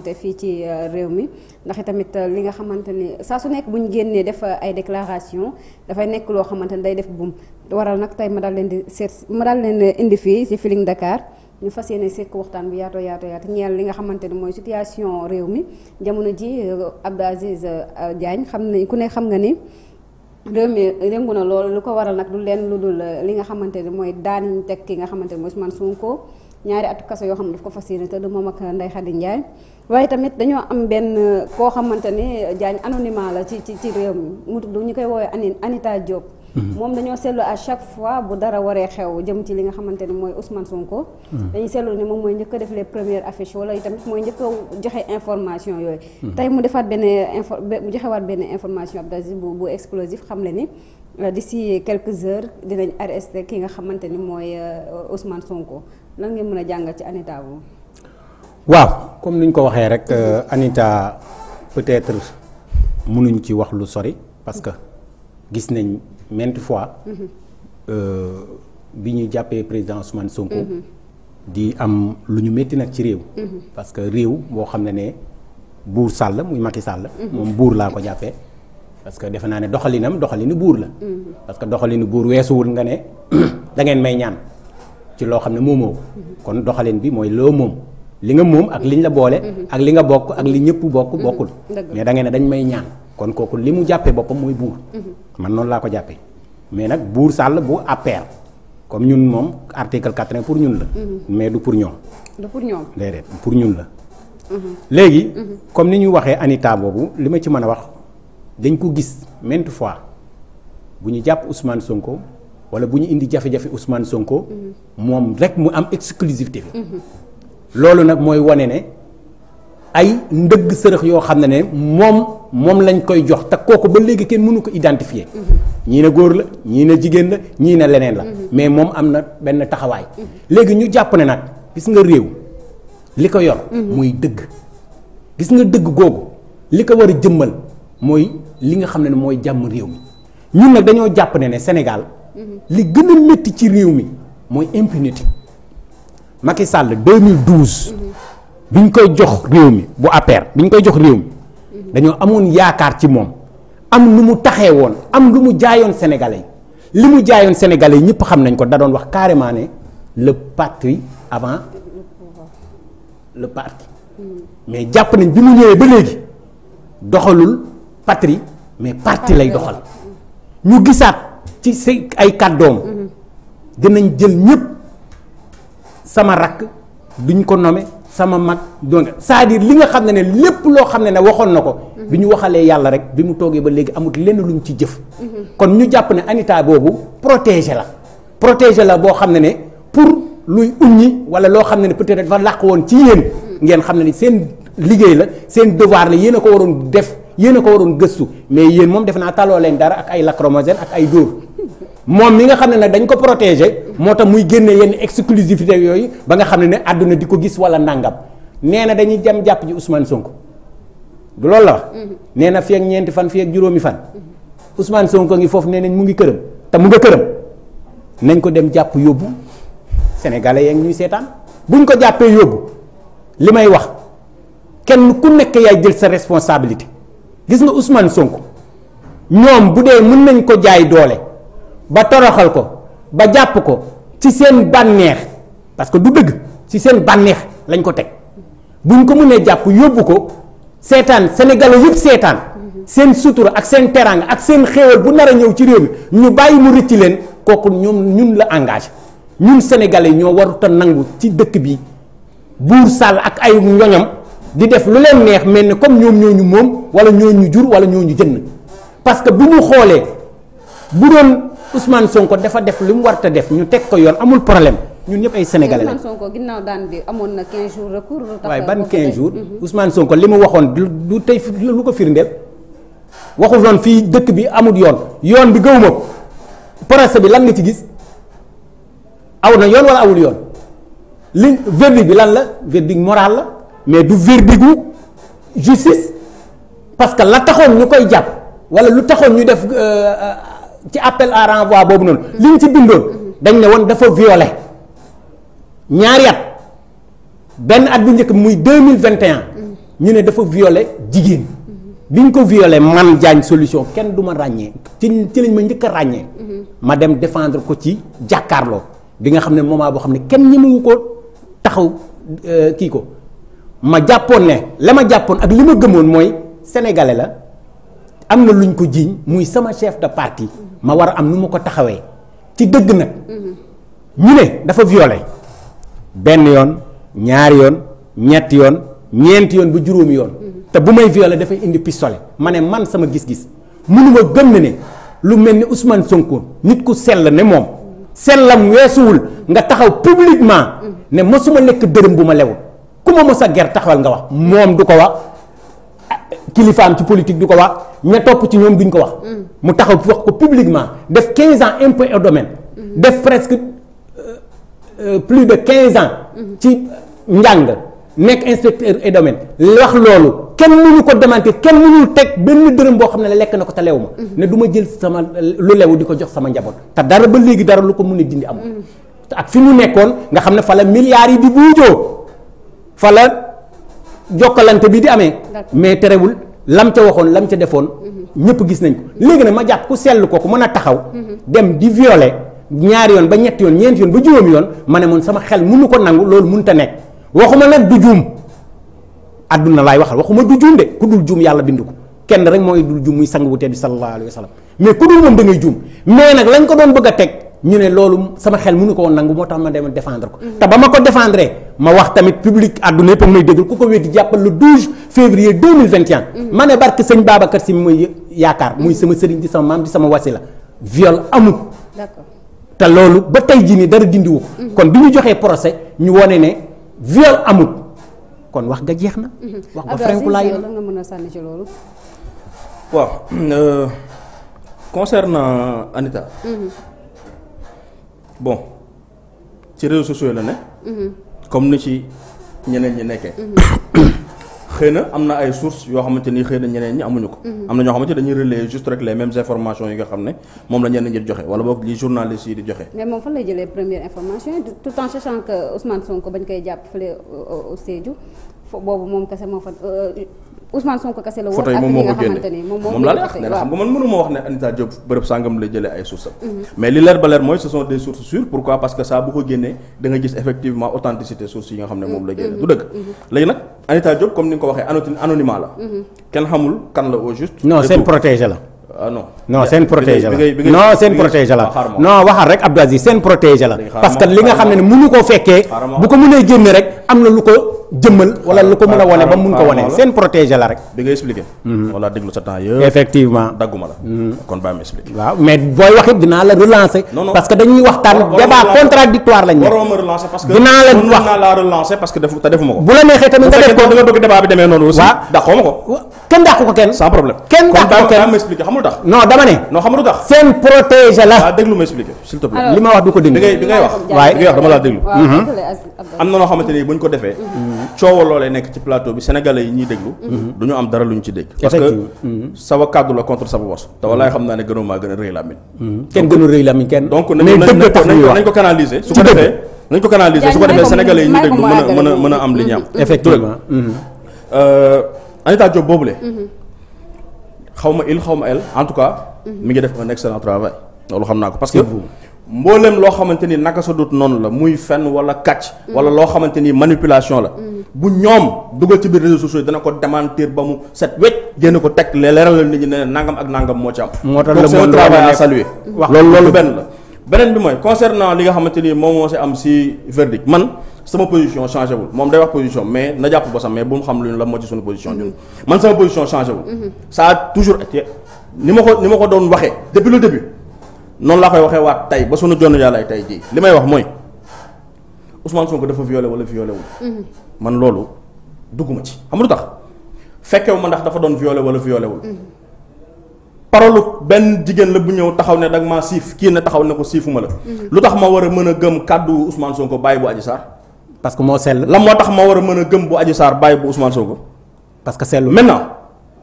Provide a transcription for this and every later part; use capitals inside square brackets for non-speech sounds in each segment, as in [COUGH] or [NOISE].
te fii ci euh, réew mi ndax tamit euh, li nga xamante ni saa su nekk bu ñu génnee def euh, ay déclaration dafay nekk loo xamante ni day def buum waral nag tey ma daal leen di seet ma daal leen indi fii ci filing Dakar ñu fas yéene sekk waxtaan bu yaato yaato yaatu ñeel li nga xamante ni mooy situation réew mi jamono ji Abdou Aziz Diagne xam nañ ku ne xam nga ni réew mi yëngu na loolu lu ko waral nag du leen lu dul li nga xamante ni mooy daan ñu ki nga xamante ni mooy Ousmane Sonko ñaari atu kaso yoo xam ne daf ko fas yéene du moom ak Ndeye Khady Ndiaye waaye tamit dañoo am benn koo xamante ne Diagne anonymat la ci ci ci réew mi mu tudd ñu koy woowee Ani Anita Diop. Mm-hmm. moom dañoo seetlu à chaque fois bu dara waree xew jëm ci li nga xamante ni mooy Ousmane Sonko. Mm-hmm. dañuy seetlu ne moom mooy njëkk a def les premières affiches wala itamit mooy njëkk joxe information yooyu. Mm-hmm. tey mu defaat benn info joxewaat benn information Abdou Aziz bu bu explosif xam le ni. Euh, d'ici quelques heures dinañ arrêté ki nga xamante ni mooy euh, Ousmane Sonko lan ngeen mën a jàngal ci Anita boobu. waaw comme ni ñu ko waxee rek euh, Anita peut-être mënuñ ci wax lu sori parce que gis nañ maintes fois. Mhm. bi ñu jàppee président Ousmane Sonko. Mhm. di am lu ñu métti nag ci réew. Mhm. parce que réew boo xam ne ne buur Sall muy mati Sall. moom buur laa ko jàppee. parce que defe naa ne doxalinam doxalinu buur la. parce que doxalinu buur weesuwul nga ne [CLEARS THROAT] da ngeen may ñaan ci loo xam ne moomoo ko. kon doxalin bi mooy loo moom li nga moom ak liñ la boole. ak li nga bokk ak li ñëpp bokk mhm. bokkul. Mhm. mais da ngeen ne dañ may ñaan kon kooku li mu jàppee boppam mooy buur. Mhm. man noonu laa ko jàppee mais nag buur sàll bu APR comme ñun moom article quatre-vingt pour ñun la. mais du pour ñoom. du pour ñoom pour ñun la. léegi comme ni ñu waxee Anita boobu li ma ci mën a wax. dañ ko gis maintes fois bu ñu jàpp Ousmane Sonko wala bu ñu indi jafe-jafe Ousmane Sonko mhm. moom rek mu am exclusivité mhm. loolu nag mooy wane ne ay ndëgg sërëx yoo xam ne ne moom moom lañ koy jox te kooku ba léegi kenn mënu ko identifier mhm. ñii ne góor la ñii ne jigéen la ñii ne leneen la mais moom am na benn taxawaay léegi ñu jàpp ne nag gis nga réew li ko yor muy dëgg gis nga dëgg googu li ko war a jëmmal mooy li nga xam ne mooy jàmm réew mi ñun nag dañoo jàpp ne ne senegal mhm. li gën a métti ci réew mi mooy impunité Macky sàll 2012 bi ñu koy jox réew mi bu APR bi ñu koy jox réew mi mhm. dañoo amoon yaakaar ci moom am lu mu taxee woon am lu mu jaayoon sénégalais li mu jaayoon sénégalais ñëpp xam nañ ko da doon wax carrément ne le patrie avant le parti mhm. mais jàpp nañ bi mu ñëwee ba léegi doxalul. patrie mais parti lay doxal ñu gisaat ci say ay kàddoom dinañ jël ñëpp sama rakk duñ ko nome sama mag donc saa diir dire li nga xam ne ne lépp loo xam ne ne waxoon na ko bi ñu waxalee yàlla rek bi mu toogee ba léegi amut lenn lu ñu ci jëf kon ñu jàpp ne Anita boobu protégé la protéger la boo xam ne ne pour luy uññi wala loo xam ne ne peut-être dafa làq woon ci yéen ngeen xam ne ne seen liggéey la seen devoir la yéen a ko waroon def yéen a ko waroon gëstu mais yéen moom def naa taloo leen dara ak ay lacrymogène ak ay dóor moom mi nga xam ne nag dañ ko protégé moo tax muy génne yenn exclusivité yooyu ba nga xam ne ne àdduna di ko gis wala nàngam nee na dañuy jam jàpp ji Ousmane Sonko loolu la mm-hmm. nee na fii ak ñeenti fan fii juróomi fan mm-hmm. Ousmane Sonko ngi foofu nee nañ mu ngi këram te mu nga këram nañ ko dem jàpp yóbbu sénégalais yaa ngi ñuy seetaan buñ ko jàppee yóbbu li may wax kenn ku nekk yaay jël sa responsabilité gis nga Ousmane sonk ñoom bu dee mën nañ ko jaay doole ba toroxal ko ba jàpp ko ci seen bànneex parce que du dëgg ci seen bànneex lañ ko teg buñ ko mënee jàpp yóbbu ko seetaan sénégalais yëpp seetaan seen sutura ak seen teraanga ak seen xéewal bu nar a ñëw ci réew mi ñu bàyyi mu rëcc leen kooku ñoom ñun la engage ñun sénégalais ñoo warut a nangu ci dëkk bi buur sàll ak ay ñoñam di def lu leen neex mel ni comme ñoom ñoo ñu moom wala ñoo ñu jur wala ñoo ñu jënd parce que bu ñu xoolee bu doon Ousmane Sonko dafa def lu mu war a def ñu teg ko yoon amul problème ñun ñëpp ay sénégalais la. Sonko ginnaaw daan bi amoon na 15 jours recours. waaye ban 15 jours mhm. Ousmane Sonko li mu waxoon du tey lu ko firndeel waxul woon fii dëkk bi amul yoon yoon bi gëwuma ko procès bi lan nga ci gis aw na yoon wala awul yoon li verdict bi lan la verdict moral la. mais du verdigu justice parce que la taxoon ñu koy jàpp wala lu taxoon ñu def euh, ci appel à renvoi boobu noonu liñ ci bindoon dañ ne woon dafa violé ñaari at benn at bu njëkk muy deux mille vingt et ñu ne dafa violé jigéen biñ ko violé man jaañ solution kenn du ma ràññee ci ci lañ ma njëkk a ràññee ma dem défendre ko ci jàkkaarloo bi nga xam ne moment boo xam ne kenn ñemewu ko taxaw euh, kii ko ma jàppoon ne la ma jàppoon ak li ma gëmoon mooy sénégalais la am na luñ ko jiiñ muy sama chef de parti ma war a am nu ma ko taxawee ci dëgg nag mhm. ñu ne dafa violé benn yoon ñaari yoon ñetti yoon ñeenti yoon bu juróom yoon mhm. te bu may violé dafay indi pistolet ma ne man sama gis-gis mënuma gëm ne ne lu mel ni Ousmane sonkoon nit ku sell ne moom mhm. sellam weesuwul nga taxaw publiquement ne mësuma lekk dërëm bu ma lewul ku ma mës a ger taxawal nga wax moom du ko wax kilifaam ci politique du ko wax ña topp ci ñoom duñ ko wax. mu taxaw wax ko publiquement def 15 ans impôt et domaine. def presque euh, euh, plus de 15 ans. ci njàng nekk inspecteur et domaine. wax loolu kenn mënu ko demante kenn mu mënul teg benn dërëm boo xam ne la lekk na ko te lew ma. ne du jël sama lu lewu di ko jox sama njaboot. te dara ba léegi dara lu ko mën a dindi amul. te ak fi mu nekkoon nga xam ne fa la yi di buujoo. fa la jokkalante bi di amee. mais terewul lam ca waxoon lam ca defoon. Mhm. ñëpp gis nañ ko léegi nag ma jàpp ku seetlu ko ku mën a taxaw. Mhm. dem di violer ñaari yoon ba ñetti yoon ñeenti yoon ba juróomi yoon ma ne man sama xel mënu ko nangu loolu mënut a nekk waxuma nag du juum àdduna laay waxal waxuma du juum de ku dul juum yàlla bind ko kenn rek mooy dul juum muy sang wutee tedd bi sallallahu alayhi wa mais ku dul moom da ngay juum mais nag lañ ko doon bëgg a teg. ñu ne loolu sama xel mënu ko woon nangu moo tax ma dem défendre ko. Mhm. te ba ma ko défendre ma wax tamit public àdduna yëpp may déglu ku ko weddi jàppal le 12 février 2021. Mhm. ma ne barke sëñ Babacar si mooy yaakaar muy sama sëriñ di sama maam di sama wasila viol amul. d'accord te loolu ba tey jii nii dara dindiwu ko. Mhm. kon bi ñu joxee procès ñu wone ne viol amul kon wax nga jeex na. wax ba franku laay la nga mën a sànni ci loolu. waaw euh, concernant bon ci réseaux sociaux la ne. Mhm. comme ni ci ñeneen ñi nekkee. Mhm. [COUGHS] xëy na am na ay sources yoo xamante ni xëy na ñeneen ñi amuñu ko. Mhm. am na ñoo xamante dañuy relayer juste rek les mêmes informations yi nga xam ne moom la ñeneen ñi joxe wala boog li journalistes yi di joxe. mais moom fan lay jëlee première information tout en sachant que Ousmane Sonko bañ koy jàpp fële euh, au Sédhiou boobu moom kese moo fa euh, Ousmane Sonko moom moom laa wax ne xam nga man mënuma wax ne Anita Diop bërëb sàngam la jëlee ay sources mhm. mais li leer ba leer mooy ce sont des sources sûres pourquoi parce que saa bu ko génnee da gis effectivement authenticité sources yi nga xam ne moom la génne mhm. du dëgg mhm. léegi nag Anita Diop comme ni nga ko waxee anotin anonymat la kenn xamul kan la au juste non seen protégé la ah seen protégé la ah, non waxal rek Abdou Aziz seen protégé la parce que li nga xam ne jëmmal wala lu ko mën a wane ba mun ko wane seen protéger la rek bi nga expliqué mhm. wala déglu sa temps yëpp effectivement dagguma la mhm. kon baa ma expliqué waaw mais booy wax dinaa la relancer parce que dañuy waxtaan débat contradictoire lañ dinaa la wax naa la relancer parce que ko bu la neexee tamit nga def ko da nga bëgg débat bi demee noonu aussi waaw dàqoo ma ko kenn dàqu ko kenn sans problème kenn dàqu ko kenn baa ma expliqué xamul tax non dama ne non xamul ah, ko dégg am na loo xamante ni bu ñu ko defee mm-hmm. coowa loolee nekk ci plateau bi sénégalais yi ñuy déglu mm-hmm. du ñu am dara lu ñu ci dégg parce que mm-hmm. sama kàddu la contre sama bos te walaay xam naa ne gënoo maa gën a rëy làmmiñ kenn gënu rëy làmmiñ kenn donc ko canaliser su ko defee nañ ko canaliser su ko defee sénégalais yi ñuy déglu mën a mën a mën a am li ñu am effectivement euh, Anita boobule xaw ma il xaw ma elle en tout cas mu ngi def un excellent travail loolu xam naa ko parce que mboolem loo xamante ni naka sa dut noonu la muy fenn wala kàcc. wala loo xamante ni manipulation la. bu ñoom dugal ci biir réseaux sociaux yi dana ko démentir ba mu set wecc génn ko teg leeralal nit ñi ne nangam ak nangam moo ci am. moo tax la c'est un travail à loolu loolu benn la. beneen bi mooy concernant li nga xamante ni moom moo si am si verdict man sama position changé wul moom day wax position mais na jàpp bosam mais bu mu xam lu ñu la moo ci suñu mhm. ni ma ko ni ma ko doon waxee depuis le début. noonu laa koy waxee waat tey ba suñu jonn yàlla tey jii li may wax mooy Ousmane ko dafa violé wala violé wul. Mhm. man loolu dugguma ci xam lu tax fekkewu ma ndax dafa doon viole wala violé wul. Mhm. parolu benn jigéen la bu ñëw taxaw ne dag maa siif kii ne taxaw ne ko siifuma la. Mhm. lu tax ma war a mën a gëm kàddu Ousmane ko bàyyi bu Adji Sarr. parce que moo sell. lan moo tax ma war a mën a gëm bu Adji Sarr bàyyi bu Ousmane Sonko. parce que sellu maintenant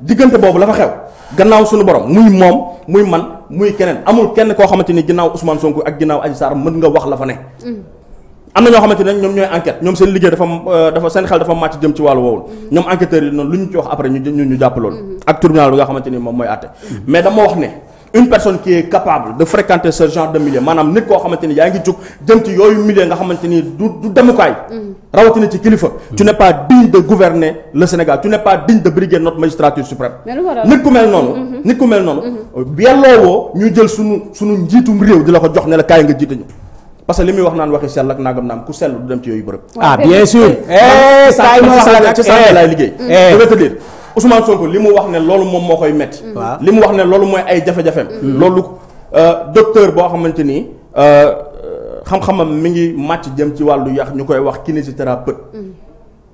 diggante boobu la xew gannaaw suñu borom muy moom muy man. muy keneen amul kenn koo xamante ni ginnaaw Ousmane Sonko ak ginnaaw Adji Sarr mën nga wax la fa ne. Mm. am na ñoo xamante ne ñoom ñooy enquête ñoom seen liggéey dafa euh, dafa seen xel dafa màcc jëm ci wàllu woowu. Mm-hmm. ñoom enquêteurs yi noonu lu ñu ci wax après ñu ñu jàpp loolu. Mm-hmm. ak tribunal bi nga xamante ni moom mooy àtte mm-hmm. mais dama wax ne une personne qui est capable de fréquenter ce genre de milieu maanaam nit koo xamante ni yaa ngi jug jëm ci yooyu milieu nga xamante ni du demukaay. Mm. rawatina ci kilifa. Mm. tu n'es pas digne de gouverner le Sénégal tu digne de briguer notre magistrature suprême. nit ku mel noonu. Mm-hmm. nit ku mel noonu. Mm-hmm. Euh, yelloowoo ñu jël sunu sunu njiitum réew di la ko jox ne la kaay nga jiite ñu. parce que li muy wax naan waxi sell ak nangam naam ku sell du dem ci yooyu bërëb. ah eh, eh, eh. liggéey. Ousmane Sonko li mu wax ne loolu moom moo koy métti. Mm-hmm. li mu wax ne loolu mooy ay jafe-jafeem. Mm-hmm. loolu euh, docteur boo xamante ni euh, xam-xamam mi ngi màcc jëm ci wàllu yax ñu koy wax kinésithérapeute mm-hmm.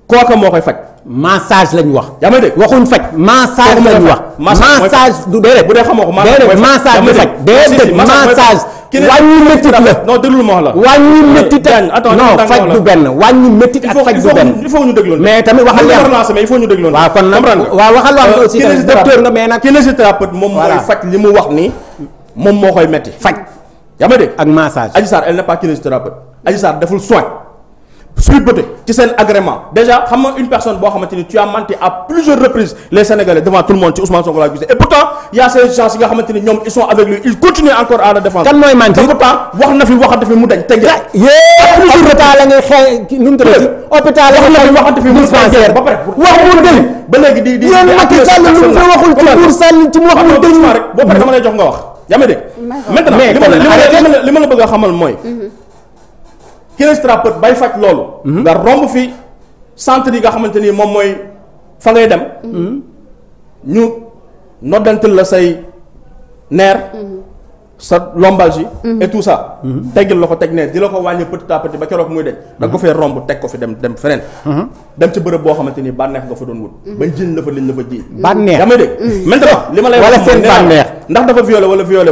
kooka moo koy faj. massage lañ wax. yaa may dégg waxuñ faj. massage lañ wax. massage du déedéet bu dee xamoo ko massage du faj déedéet massage. wàññi métit la non ma la. wàññi métit ak non faj du benn wàññi métit ak faj du benn. il faut ñu déglu mais tamit waxal leen il faut ñu déglu waaw kon nag waaw waxal waa aussi euh, tamit docteur nga mais nag. kinésithérapeute moom mooy faj li mu wax nii moom moo koy metti faj yaa may dégg ak massage Adji Sarr elle n'est pas kinésithérapeute Adji Sarr deful soin surbete ci seen agrément déjà xam nga une personne boo xamante ni tu à plusieurs reprises les Sénégalais devant tout le monde ci Ousmane Sonko laa gisee et pourtant y a ces gens nga xamante ñoom ils sont avec lui ils continuent encore à le kan mooy mentir pourtant wax na fi waxante fi mu dañ. te ngeen ah, hôpital la ngay xee waxante fi mu dispensaire ba pare. wax mu pare dama lay jox nga wax yaa ngi li ma la li ma la bëgg a quinze thérapeutes bay faj loolu. Mhm. nga romb fi sant yi nga xamante ni moom mooy fa ngay dem. Mhm. ñu noddantal la say nerf. Mhm. sa lombalgie et tout sa teggil la ko teg ne di la ko wàññi petit à ba keroog muy deñ da ko fee romb teg ko fi dem dem feneen. dem ci bërëb boo xamante ni bànneex nga fa doon wut. bañ jënd la liñ la fa bànneex damay dégg. maintenant li ma lay wax bànneex. ndax dafa violé wala violé